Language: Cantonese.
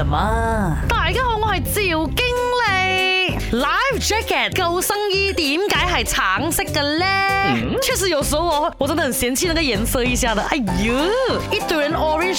什麼大家好，我係趙經理。Life jacket 救生衣點解係橙色嘅呢？嗯，確實有時候我，我真的很嫌棄那個顏色一下的。哎呦，一堆人 orange。